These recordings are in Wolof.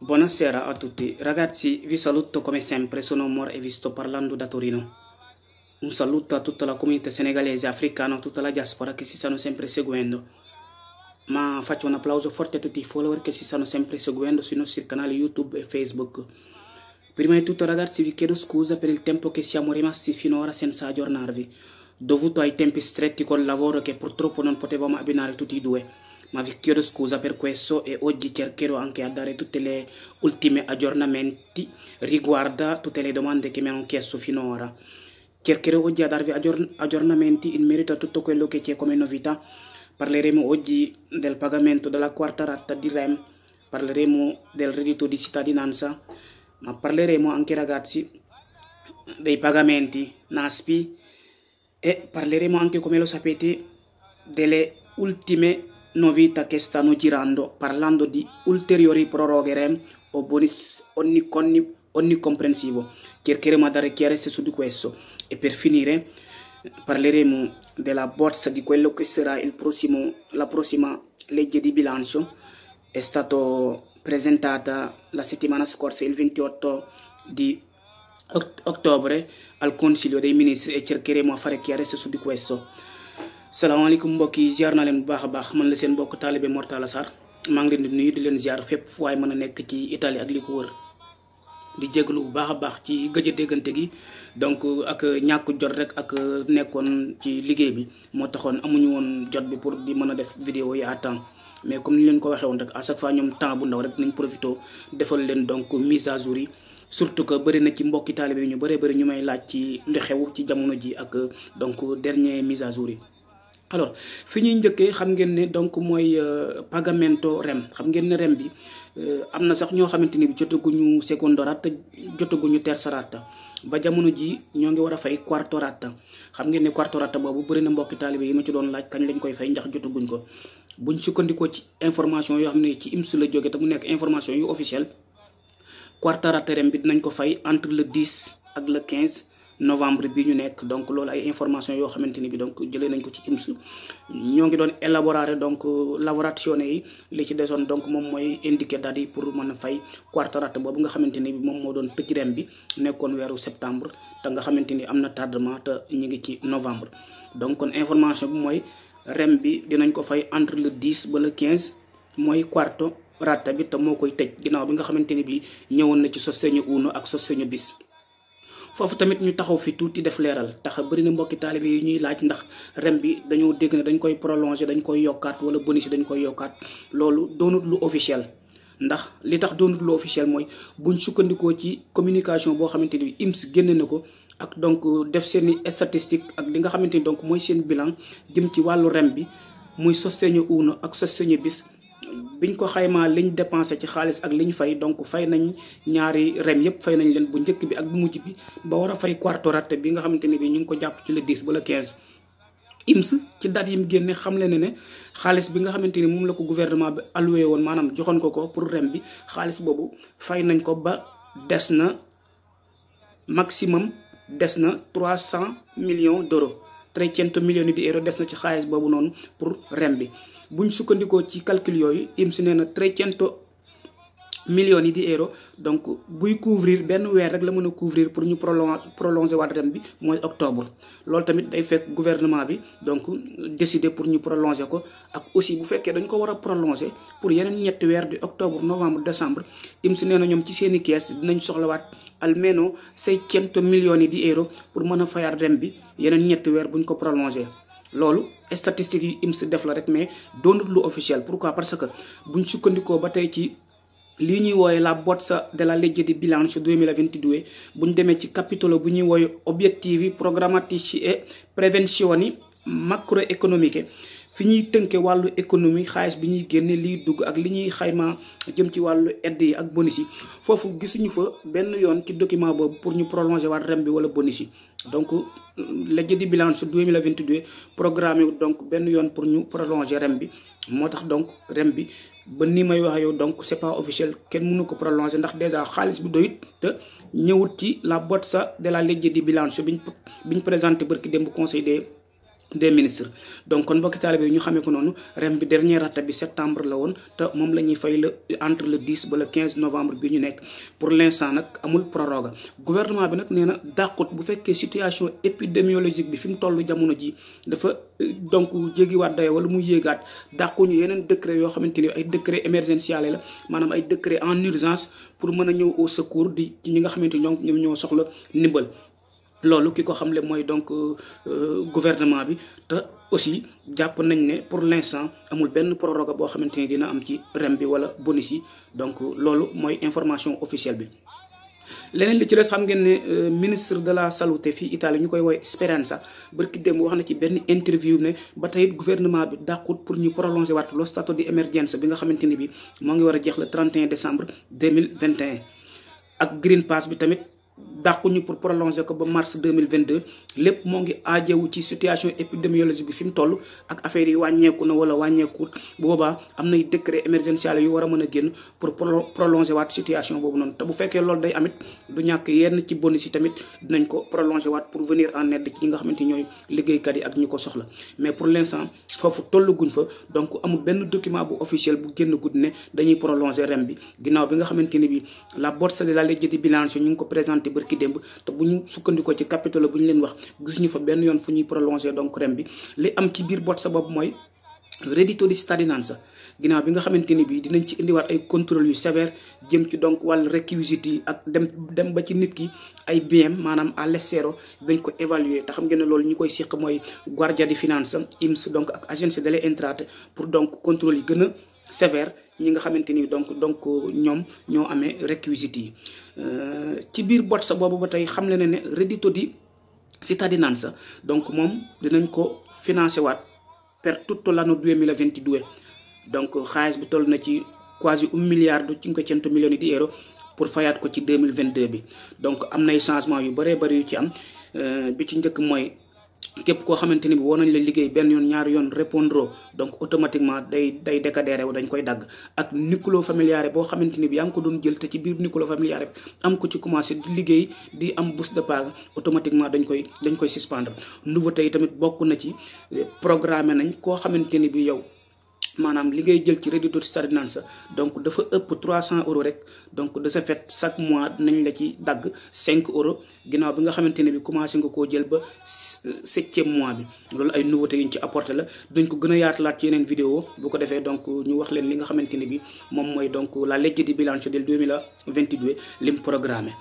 Buonasera a tutti, ragazzi vi saluto come sempre, sono Omar e vi sto parlando da Torino. Un saluto a tutta la comunità senegalese, africana, a tutta la diaspora che si stanno sempre seguendo. Ma faccio un applauso forte a tutti i follower che si stanno sempre seguendo sui nostri canali YouTube e Facebook. Prima di tutto ragazzi vi chiedo scusa per il tempo che siamo rimasti finora senza aggiornarvi, dovuto ai tempi stretti col lavoro che purtroppo non potevamo abbinare tutti e due ma vi chiedo scusa per questo e oggi cercherò anche a dare tutte le ultime aggiornamenti riguardo tutte le domande che mi hanno chiesto finora. Cercherò oggi a darvi aggiorn aggiornamenti in merito a tutto quello che c'è come novità. Parleremo oggi del pagamento della quarta ratta di REM, parleremo del reddito di cittadinanza, ma parleremo anche ragazzi dei pagamenti NASPI e parleremo anche come lo sapete delle ultime novità che stanno girando parlando di ulteriori proroghe eh, o bonus onnicomprensivo. Cercheremo a dare chiarezza su di questo e per finire parleremo della borsa di quello che sarà prossimo, la prossima legge di bilancio. È stata presentata la settimana scorsa, il 28 di ottobre, al Consiglio dei Ministri e cercheremo a fare chiarezza su di questo. salaamaaleykum mbokk yi ziar naa leen bu baax a baax mën la seen mbokk taalibe Mor Talla Sarr maa ngi leen di nuyu di leen ziar fépp fu waay mën a nekk ci Italie ak li ko wër di jeglu bu baax a baax ci gëj déggante gi donc ak ñàkk jot rek ak nekkoon ci liggéey bi moo taxoon amuñu woon jot bi pour di mën a def vidéo yi à temps mais comme ni leen ko waxee woon rek à chaque fois ñoom temps bu ndaw rek nañ profité defal leen donc mise à jour yi surtout que bëri na ci mbokki taalibe yi ñu bëree bëri ñu may laaj ci lu xew ci jamono ji ak donc dernier mise à alors fi ñuy njëkkee xam ngeen ne donc mooy euh, pagamento rem xam ngeen ne rem bi euh, am na sax ñoo xamante ni ñu jotaguñu secondo rata jotaguñu terza rata ba jamono ji ñoo ngi war a fay quarto rata xam ngeen ne quarto rata boobu bëri na mbokki taalibe yi ma ci doon laaj kañ lañ koy fay ndax jotaguñ ko buñ sukkandikoo ci information yoo xam ne ci IMSS la jóge te mu nekk information yu officielle quarto rata rem bi dinañ ko fay entre le 10 ak le 15 novembre bi ñu nekk donc loolu ay information yoo xamante ni bi donc jëlee nañ ko ci IMS ñoo ngi doon élaborer donc lavorazione yi li ci desoon donc moom mooy indiquer date yi pour mën a fay rate boobu nga xamante ni bi moom moo doon petit rem bi nekkoon weeru septembre te nga xamante ni am na tardement te ñi ngi ci novembre donc kon information bi mooy rem bi dinañ ko fay entre le 10 ba le 15 mooy quarto rate bi te moo koy tëj ginnaaw bi nga xamante ni bi ñëwoon na ci sosseñu uno ak sosseñu bis foofu tamit ñu taxaw fi tuuti def leeral tax bëri na mbokki taalibe yi ñuy laaj ndax rem bi dañoo dégg ne dañ koy prolonger dañ koy yokkaat wala bonus dañ koy yokkaat loolu doonut lu officiel ndax li tax doonut lu officiel mooy buñ sukkandikoo ci communication boo xamante ni IMS génne na ko ak donc def seeni statistique ak li nga xamante ni donc mooy seen bilan jëm ci wàllu rem bi muy sostéño uno ak sostéño bis biñ ko xaymaa liñ dépensé ci xaalis ak liñ fay donc fay nañ ñaari rem yëpp fay nañ leen bu njëkk bi ak bu mujj bi ba war a fay quarto rate bi nga xamante ni bi ñu ngi ko jàpp ci le 10 ba le 15. IMS ci date yi mu génne xam le ne ne xaalis bi nga xamante ni moom la ko gouvernement bi alloué woon maanaam joxoon ko ko pour rem bi xaalis boobu fay nañ ko ba des na maximum des na 300 millions d' euros 300 millions di euro des na ci xaalis boobu noonu pour rem bi. bu buñ sukkandikoo ci calcul yooyu IMS nee na trecento millions yi di euro donc buy couvrir benn weer rek la mën a couvrir pour ñu prolon prolonger waat ren bi mooy loolu tamit day fekk gouvernement bi donc décider pour ñu prolonger ko ak aussi bu fekkee dañ ko war a prolonger pour yeneen ñetti weer di octobre novembre décembre IMS nee na ñoom ci seen i kees dinañ soxlawaat almeno seicento millions yi di euro pour mën a fayaat ren bi yeneen ñetti weer buñ ko prolonger loolu statistiques yi IMS def la rek mais doonut lu officiel quoi parce que buñ sukkandikoo ba tey ci lii ñuy wooye la bozza della legge di bilancio 2022 buñ demee ci capitolo bu ñuy wooye obiettivi programmatici e prevenzioni macroeconomiche fi ñuy tënke wàllu économie xaalis bi ñuy génne liy dugg ak li ñuy xayma jëm ci wàllu aide yi ak bonus yi foofu gisuñu fa benn yoon ci document boobu pour ñu prolonger waat rem bi wala bonus yi donc la jëdi bilan sur 2022 programme wu donc benn yoon pour ñu prolonger rem bi moo tax donc rem bi ba ni may wax yow donc c'est pas officiel kenn mënu ko prolonger ndax déjà xaalis bi doyut te ñëwut ci la sa de la legge bilan su biñ biñ présenté barki démb conseil des des ministres donc kon mbokki taalibe ñu xamé ko nonu rem bi dernier raté bi septembre la won te mom lañuy ñuy fay le entre le 10 ba le 15 novembre bi ñu nekk pour l'instant nak amul proroga gouvernement bi nak néna na bu fekké situation épidémiologique bi fim tollu jamono ji dafa donc wat dayo wala mu yéegaat ñu yeneen décret yo xamanteni ay décret émergentiel la manam ay décret en urgence pour mëna a ñëw au secours di ñi nga xamanteni ñoom ñoo soxla ndimbal loolu ki ko xamle mooy donc euh, euh, gouvernement bi te aussi jàpp nañ ne pour l'instant amul benn proroga boo xamante ni dina am ci rem bi wala bonus yi donc loolu mooy information officielle bi. leneen li ci des xam ngeen ne euh, ministre de la salute fii Italie ñu koy woy Speranza barki démb wax na ci benn interview ne ba tey gouvernement bi dàqut pour ñu prolonger waat lo statut di émergence bi nga xamante ni bi moo ngi war a jeex le 31 décembre 2021 ak green pass bi tamit dàquñu pour prolonger ko ba mars 2022 lépp moo ngi aajewu ci situation épidémiologique bi fi mu ak affaire yi wàññeeku na wala wàññeekut boba boobaa décret émergentiel yu wara mëna mën génn pour prolonger wat situation bobu non te bu féké loolu day amit du ñak yenn ci bonus yi tamit dinañ ko prolonger wat pour venir en aide ci ñi nga xamante ñooy liggéeykat yi ak ñi soxla mais pour l'instant fofu tollu guñ fa donc amu benn document bu officiel bu génn gudd ne dañuy prolonger rem bi ginaaw bi nga xamanteni bi la bourse de la legge di bilancio ñu ko présenter ki démb te buñu ñu sukkandikoo ci capital bu leen wax gisuñu fa benn yoon fu ñuy prolonger donc rem bi li am ci biir boot sa bopp mooy reddito di cittadinanza ginaaw bi nga xamante ni bii dinañ ci indiwaat ay contrôle yu sévère jëm ci donc wàllu réquisites yi ak dem dem ba ci nit ki ay biens maanaam à l'estero dañ ko évaluer te xam ngeen ne loolu ñi koy seq mooy guardia de finance IMS donc ak agence delle entrate pour donc contrôle yi gën a sévère ñi nga xamante ni donc donc ñoom ñoo amee réquisites yi euh, ci biir bot sa boobu ba tey xam na ne ne Reddito di sax donc moom dinañ ko financé waat per tutto l'anno 2022 donc xaalis bi toll na ci quasi un miliardo cinquecento milioni di euro pour fayaat ko ci mille 2022 bi donc am nay changement yu bëree bëri yu ci am euh, bi ci njëkk mooy képp koo xamante ni bi war nañ la liggéey benn yoon ñaari yoon répondre donc automatiquement day day décadéré wu dañ koy dagg ak nucléo familiare boo xamante ni bi yaa ngi ko doon jël te ci biir nucléo familiare bi am ko ci commencé di liggéey di am bourse de paga automatiquement dañ koy dañ koy suspendre nouveauté tey tamit bokk na ci programme nañ koo xamante ni bi yow maanaam li ngay jël ci réducteur sardinane sa donc dafa ëpp 300 euros rek donc de ce fait chaque mois nañ la ci dagg cinq euro ginnaaw bi nga xamante ne bi commencé nga koo jël ba septième mois bi loolu ay nouveauté yuñ ci apporté la dañ ko gën a yaatalaat ci yeneen vidéo bu ko defee donc ñu wax leen li nga xamante ne bi moom mooy donc la legge di bilancio del 2022 lim programmé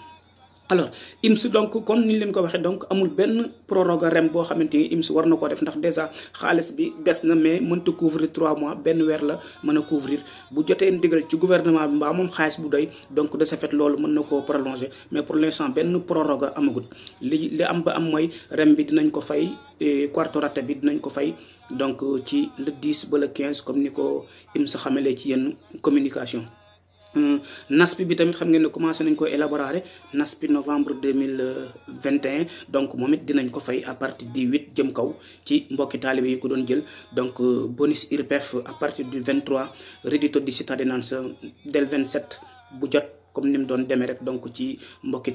alors IMSS donc kon niñ leen ko waxe donc amul ben proroga rem bo xamante ni IMSS war na def ndax déjà xaalis bi des na mais mënta couvrir 3 mois ben weer la mën a couvrir bu jotee ndigal ci gouvernement bi ba mom xaalis bu doy donc de ce fait lolu mën nako prolonger mais pour l'instant benn proroga amagut li li am ba am moy rem bi dinañ ko fay quarto rata bi dinañ ko fay donc ci le 10 ba le 15 comme niko ko IMSS ci yenn communication euh, NASPI bi tamit xam commencé élaborer NASPI novembre 2021 donc moment dinañ ko fay à partir du 8 jëm kaw ci mbokki taalibe yi donc euh, bonus IRPF à partir du 23 reddito de del 27 budget bu jot. comme nim donc ci mbokki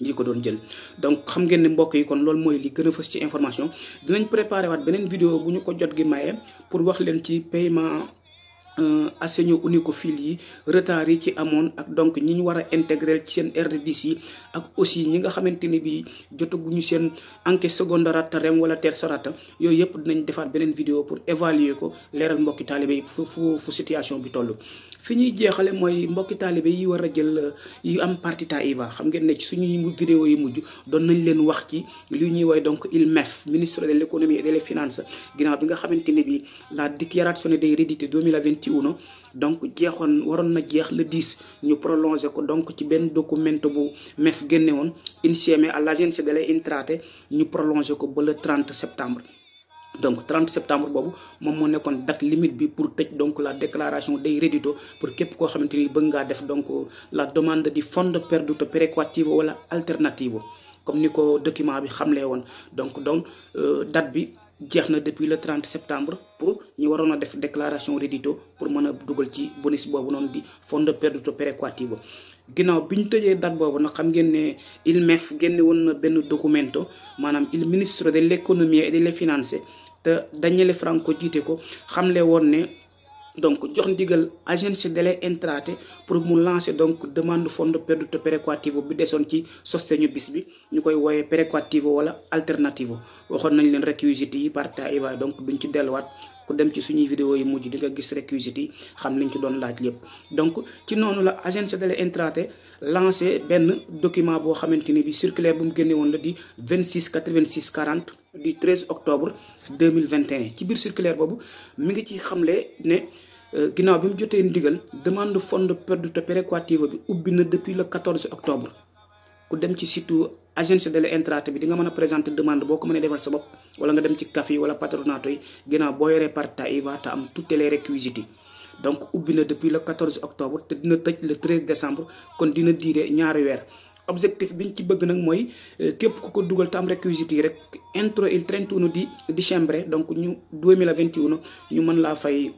yi donc xam ngeen ne kon li gën a ci information dinañ vidéo pour wax leen ci paiement euh, enseignants uniphiles yi retard yi ci amoon ak donc ñi ñu war intégrer ci seen RDC yi ak aussi ñi nga xamante ni bii jotaguñu seen enquête secondarata rem wala tertiarata yooyu yëpp dinañ defaat une vidéo pour évaluer ko leeral mbokki taalibe yi fu fu situation bi toll. fi ñuy jeexale mooy mbokki talibé yi war a jël euh, yu am partita IVA xam ngeen ne ci suñuy vidéo yi mujj doon nañ leen wax ci li ñuy woy donc mef ministre de l'économie et des finances ginnaaw bi nga xamante ni la déclaration des redettes 2020 2021 donc jeexoon waroon na jeex le 10 ñu prolongé ko donc ci benn document bu MEF génne woon insieme all'Agenzia delle Entrate ñu prolongé ko ba le 30 septembre donc 30 septembre boobu moom moo nekkoon date limite bi pour tëj donc la déclaration des reddito pour képp koo xamante ni bëgg ngaa def donc la demande di fondo perduto perequativo wala alternative. comme ni ko document bi xamlee woon donc donc euh, date bi jeex na depuis le trente septembre pour ñu waroon a def déclaration redito pour mën a dugal ci bonus boobu noonu di fondo perduto perequativo ginnaaw bi ñu tëjee date boobu nag xam ngeen ne IMF ne woon na benn documento maanaam il ministre de l' économie et de les finances te Daniele Franco jiite ko xam le woon ne donc jox ndigal agence délai intraté pour mu lancer donc demande fonds de perduto préquativo bi desoon ci sosteñu bis bi ñu koy wooyee préquativo wala alternativo waxoon nañ leen réquisites yi par taa donc duñ ci delluwaat ku dem ci suñuy vidéo yi mujj di nga gis réquisites yi xam liñ ci doon laaj lépp donc ci noonu la agence de l'intraté lancé benn document boo xamante ni bi circulaire bu mu génne woon la di 26 86 40 du 13 octobre ci biir circulaire boobu mi ngi ci xamle ne euh, ginnaaw bi mu jotee ndigal demande fonds de perdute péréquative bi ubbi na depuis le 14 octobre ku dem ci surtout agence de l'intrant bi di nga a présenter demande demandes ko mënee defal sa bop wala nga dem ci café wala patronato yi bo yoré yoree ta IVA ta am toutes les réquisites donc ubbi depuis le 14 octobre te dina le 13 décembre kon dina dire ñaari nous objectif biñ ci bëgg nak moy euh, képp ku ko dugal te am réquisites rek 31 di donc ñu 2021 ñu la fay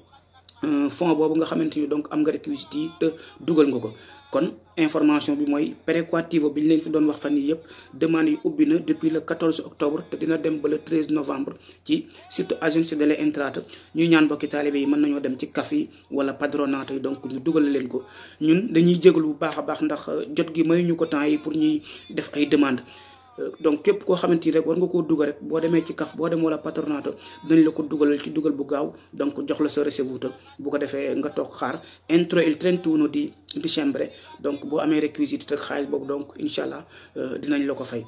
Euh, fon boobu nga xamante ni donc am nga réquisites yi te dugal nga ko kon information bi mooy précoativo bi ñu leen fi doon wax fan yii yëpp demande yi ubbi na depuis le 14 octobre te dina dem ba le 13 novembre ci surtout agence de l'entrata ñuy ñaan mbokki taalibe yi mën nañoo dem ci CAF yi wala Padronat yi donc ñu dugal leen ko ñun dañuy jégalu bu baax a baax ndax jot gi mayuñu ko temps yi pour ñuy def ay demandes. donc képp koo xamante ni rek war nga koo dugal rek boo demee ci CAF boo demee wala patronato dinañ la ko dugalal ci dugal bu gaaw donc jox la sa receveur bu ko defee nga toog xaar entro il 31 di dicembre donc boo amee réquisite rek xaalis boobu donc incha allah euh, dinañ la ko fay.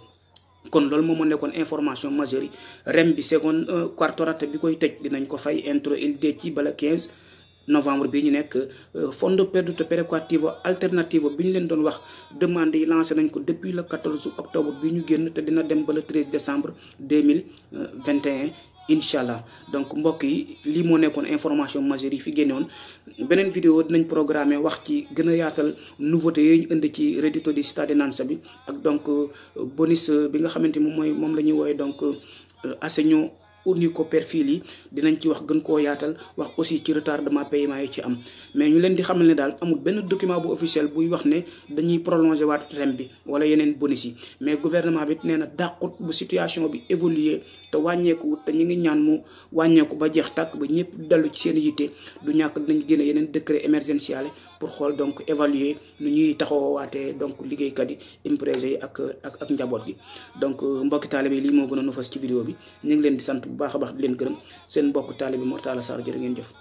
kon loolu moom moo nekkoon information majori yi rem bi seconde euh, quartorate bi koy tëj dinañ ko fay entro il dee ci bala 15. novembre bi ñu nekk euh, fondo de péréquativo alternativo bi ñu leen doon wax demande yi lancé nañ ko depuis le 14 octobre bi ñu génn te dina dem ba le 13 décembre 2021 euh, inshallah donc mbokk yi li moo nekkoon information majeure yi fi génnewoon beneen vidéo dinañ programmer wax ci gën a yaatal nouveauté yi ñu indi ci reddito di bi ak donc euh, bonus bi nga xamante moom mooy moom la ñuy donc assaignon cornicoperfilie yi dinañ ci wax gën koo yaatal wax aussi ci retardement paiement yi ci am mais ñu leen di xamal ne daal amul benn document bu officiel buy wax ne dañuy prolongé waat rem bi wala yeneen bonus yi mais gouvernement bi nee na dàqut bu situation bi évoluer te wàññeeku wut te ñu ngi ñaan mu wàññeeku ba jeex takk ba ñëpp dellu ci seen yitte du ñàkk dinañ génne yeneen décret émergentiel pour xool donc évaluer nu ñuy taxawaatee donc liggéeykat yi imprese yi ak ak ak njaboot gi donc euh, mbokki taalibe yi lii moo gën a ci vidéo bi ñu bu baax a baax di leen gërëm seen mbokk taalibi Mor Talla Sarr jërë ngeen jëf